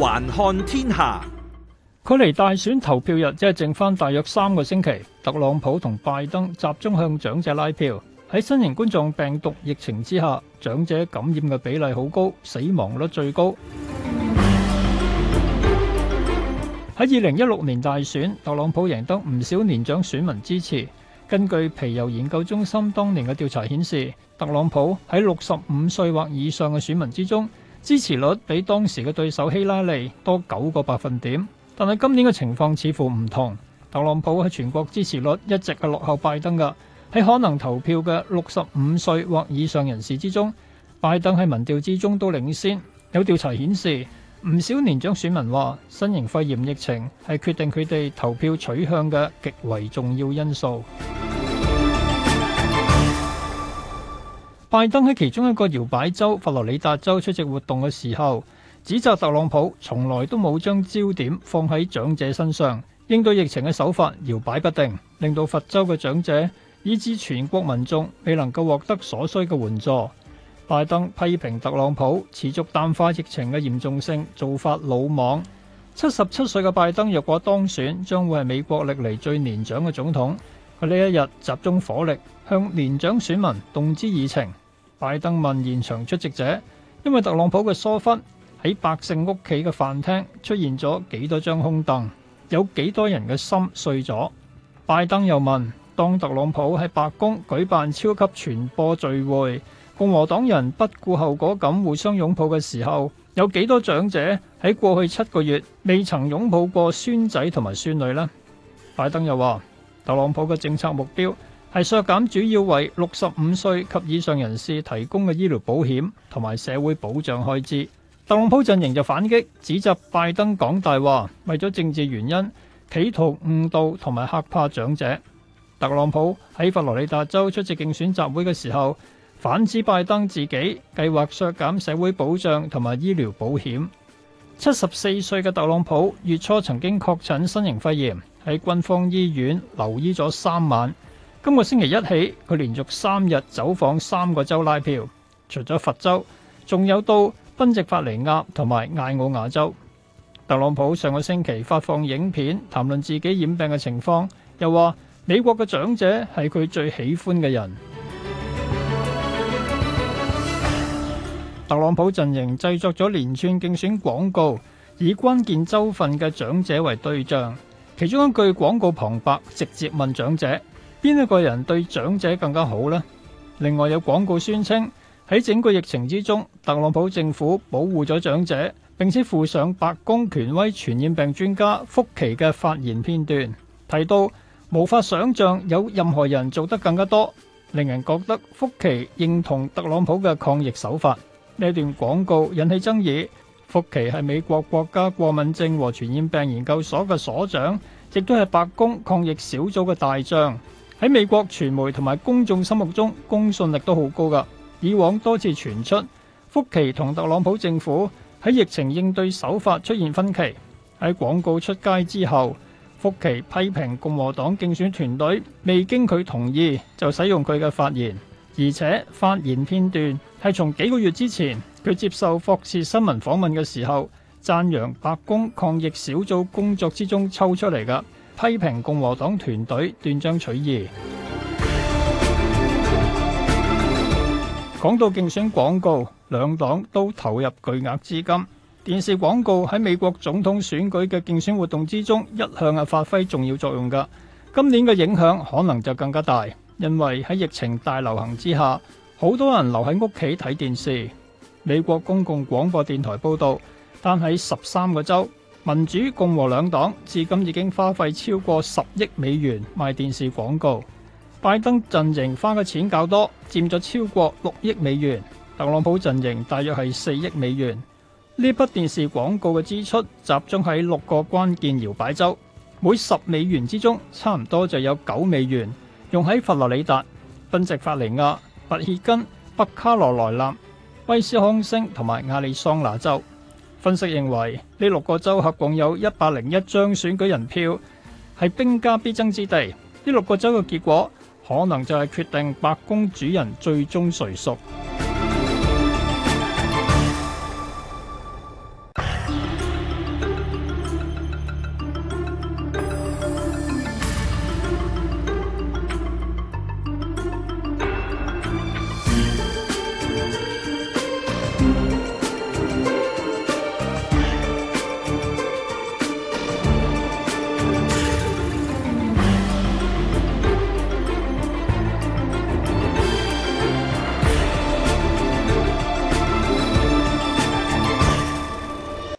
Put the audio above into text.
環看天下，距離大選投票日，即係剩返大約三個星期。特朗普同拜登集中向長者拉票。喺新型冠狀病毒疫情之下，長者感染嘅比例好高，死亡率最高。喺二零一六年大選，特朗普贏得唔少年長選民支持。根據皮尤研究中心當年嘅調查顯示，特朗普喺六十五歲或以上嘅選民之中。支持率比當時嘅對手希拉里多九個百分點，但係今年嘅情況似乎唔同。特朗普喺全國支持率一直係落後拜登嘅，喺可能投票嘅六十五歲或以上人士之中，拜登喺民調之中都領先。有調查顯示，唔少年長選民話，新型肺炎疫情係決定佢哋投票取向嘅極為重要因素。拜登喺其中一個搖擺州佛羅里達州出席活動嘅時候，指責特朗普從來都冇將焦點放喺長者身上，應對疫情嘅手法搖擺不定，令到佛州嘅長者以至全國民眾未能夠獲得所需嘅援助。拜登批評特朗普持續淡化疫情嘅嚴重性，做法魯莽。七十七歲嘅拜登若果當選，將會係美國歷嚟最年長嘅總統。佢呢一日集中火力向年長選民動之以情。拜登問現場出席者：因為特朗普嘅疏忽，喺百姓屋企嘅飯廳出現咗幾多張空凳，有幾多人嘅心碎咗？拜登又問：當特朗普喺白宮舉辦超級傳播聚會，共和黨人不顧後果咁互相擁抱嘅時候，有幾多長者喺過去七個月未曾擁抱過孫仔同埋孫女呢？拜登又話：特朗普嘅政策目標，係削減主要為六十五歲及以上人士提供嘅醫療保險同埋社會保障開支。特朗普陣營就反擊，指責拜登講大話，為咗政治原因，企圖誤導同埋嚇怕長者。特朗普喺佛羅里達州出席競選集會嘅時候，反指拜登自己計劃削減社會保障同埋醫療保險。七十四歲嘅特朗普月初曾經確診新型肺炎，喺軍方醫院留醫咗三晚。今個星期一起，佢連續三日走訪三個州拉票，除咗佛州，仲有到賓夕法尼亞同埋艾奧瓦州。特朗普上個星期發放影片談論自己染病嘅情況，又話美國嘅長者係佢最喜歡嘅人。特朗普陣營製作咗連串競選廣告，以關鍵州份嘅長者為對象，其中一句廣告旁白直接問長者。邊一個人對長者更加好呢？另外有廣告宣稱喺整個疫情之中，特朗普政府保護咗長者，並且附上白宮權威傳染病專家福奇嘅發言片段，提到無法想象有任何人做得更加多，令人覺得福奇認同特朗普嘅抗疫手法。呢段廣告引起爭議。福奇係美國國家過敏症和傳染病研究所嘅所長，亦都係白宮抗疫小組嘅大將。喺美國傳媒同埋公眾心目中，公信力都好高㗎。以往多次傳出，福奇同特朗普政府喺疫情應對手法出現分歧。喺廣告出街之後，福奇批評共和黨競選團隊，未經佢同意就使用佢嘅發言，而且發言片段係從幾個月之前佢接受霍士新聞訪問嘅時候讚揚白宮抗疫小組工作之中抽出嚟㗎。批評共和黨團隊斷章取義。講到競選廣告，兩黨都投入巨額資金。電視廣告喺美國總統選舉嘅競選活動之中一向係發揮重要作用噶。今年嘅影響可能就更加大，因為喺疫情大流行之下，好多人留喺屋企睇電視。美國公共廣播電台報道，但喺十三個州。民主共和兩黨至今已經花費超過十億美元賣電視廣告，拜登陣營花嘅錢較多，佔咗超過六億美元；特朗普陣營大約係四億美元。呢筆電視廣告嘅支出集中喺六個關鍵搖擺州，每十美元之中差唔多就有九美元用喺佛羅里達、賓夕法尼亞、密歇根、北卡羅來納、威斯康星同埋亞利桑那州。分析認為，呢六個州合共有一百零一張選舉人票，係兵家必爭之地。呢六個州嘅結果，可能就係決定白宮主人最終誰屬。